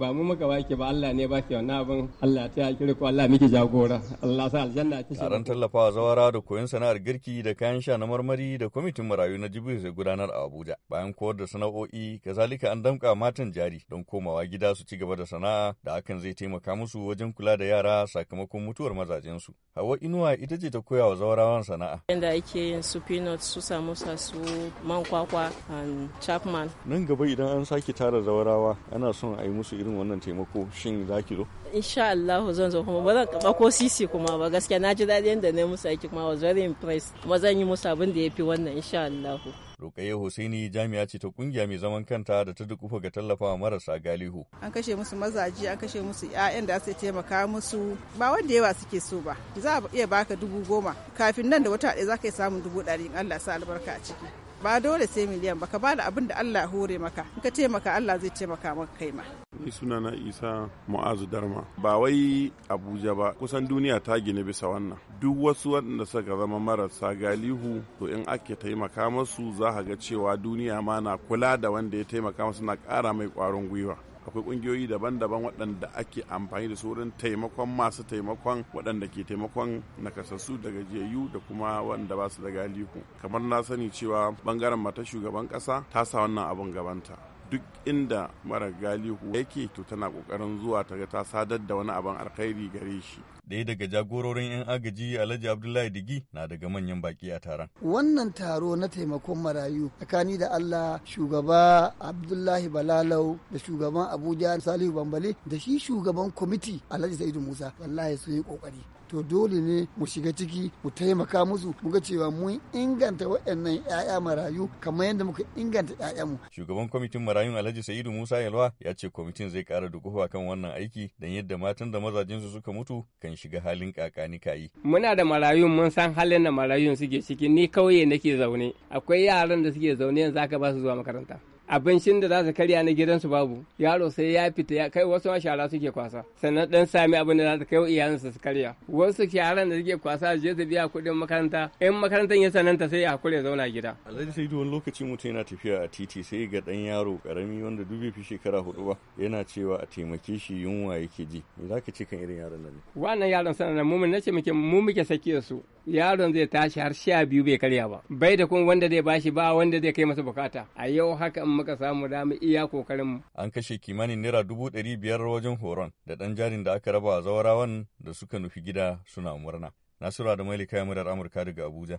ba mu muka baki ba Allah ne baki wannan abin Allah ta kira ko Allah miki jagora Allah sa aljanna ki tallafawa zawara da koyon sana'ar girki da kayan sha na marmari da kwamitin marayu na Jibril zai gudanar a Abuja bayan koyar da sana'o'i kazalika an damka matan jari don komawa gida su ci gaba da sana'a da hakan zai taimaka musu wajen kula da yara sakamakon mutuwar mazajen su Hawa Inuwa ita ce ta koya wa zawarawan sana'a inda ake yin su peanut su samosa su man kwakwa and chapman nan gaba idan an sake tara zawarawa ana son a yi musu irin wannan taimako shin za ki zo? Insha Allah zan zo kuma ba zan kaba ko sisi kuma ba gaskiya na ji daɗi yadda na musu aiki kuma was very impressed kuma zan yi musu abin da ya fi wannan insha Allah. Rukaiya Hussaini jami'a ce ta kungiya mai zaman kanta da ta dukufa ga tallafawa marasa galihu. An kashe musu mazaji an kashe musu 'ya'yan da su taimaka musu ba wanda yawa suke so ba. Za a iya baka dubu goma kafin nan da wata ɗaya za ka yi samun dubu ɗari in Allah sa albarka a ciki. Ba dole sai miliyan ba ka bada abin da Allah hore maka. In ka taimaka Allah zai taimaka maka kai ma. Ni sunana Isa Mu'azu Darma. Ba wai Abuja ba, kusan duniya ta gina bisa wannan. Duk wasu waɗanda suka zama marasa galihu, to in ake taimaka masu za ga cewa duniya ma na kula da wanda ya taimaka masu na ƙara mai ƙwarin gwiwa. akwai ƙungiyoyi daban-daban waɗanda ake amfani da su wurin taimakon masu taimakon waɗanda ke taimakon nakasassu daga gajiyayyu da kuma waɗanda ba su da galihu kamar na sani cewa bangaren mata shugaban ƙasa ta sa wannan abun gabanta duk inda mara galihu yake to tana kokarin zuwa ta ga ta sadar da wani abin alkhairi gare shi ɗaya daga jagororin 'yan agaji alhaji abdullahi digi na daga manyan baki a taron wannan taro na taimakon marayu tsakani da allah shugaba abdullahi balalau da shugaban abuja salihu bambale da shi shugaban kwamiti alhaji sa'idu musa wallahi sun yi kokari to dole ne mu shiga ciki mu taimaka musu mu ga cewa mun inganta waɗannan 'ya'ya marayu kamar yadda muka inganta 'ya'yanmu. Shugaban kwamitin marayun Alhaji Sa'idu Musa Yalwa ya ce kwamitin zai ƙara dukuwa kan wannan aiki don yadda matan da su suka mutu kan shiga halin kakani kayi. Muna da marayun mun san halin da marayun suke ciki ni kauye nake zaune akwai yaran da suke zaune yanzu aka ba su zuwa makaranta. abincin da za su karya na gidansu babu yaro sai ya fita ya kai wasu shara suke kwasa sannan dan sami abin da za su kai wa iyalinsa su karya wasu sharan da suke kwasa je su biya kuɗin makaranta in makarantar ya sananta sai ya kure zauna gida alhaji sai wani lokaci mutum yana tafiya a titi sai ga dan yaro karami wanda dube fi shekara hudu ba yana cewa a taimake shi yunwa yake ji me zaka ce kan irin yaron nan wannan yaron sanan mu mun nace muke mu muke su yaron zai tashi har sha biyu bai karya ba bai da kuma wanda zai bashi ba wanda zai kai masa bukata a yau haka in muka samu damu iya kokarin mu an kashe kimanin naira dubu ɗari biyar wajen horon da ɗan jarin da aka raba a zawarawan da suka nufi gida suna murna nasura da mailika murar amurka daga abuja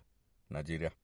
najeriya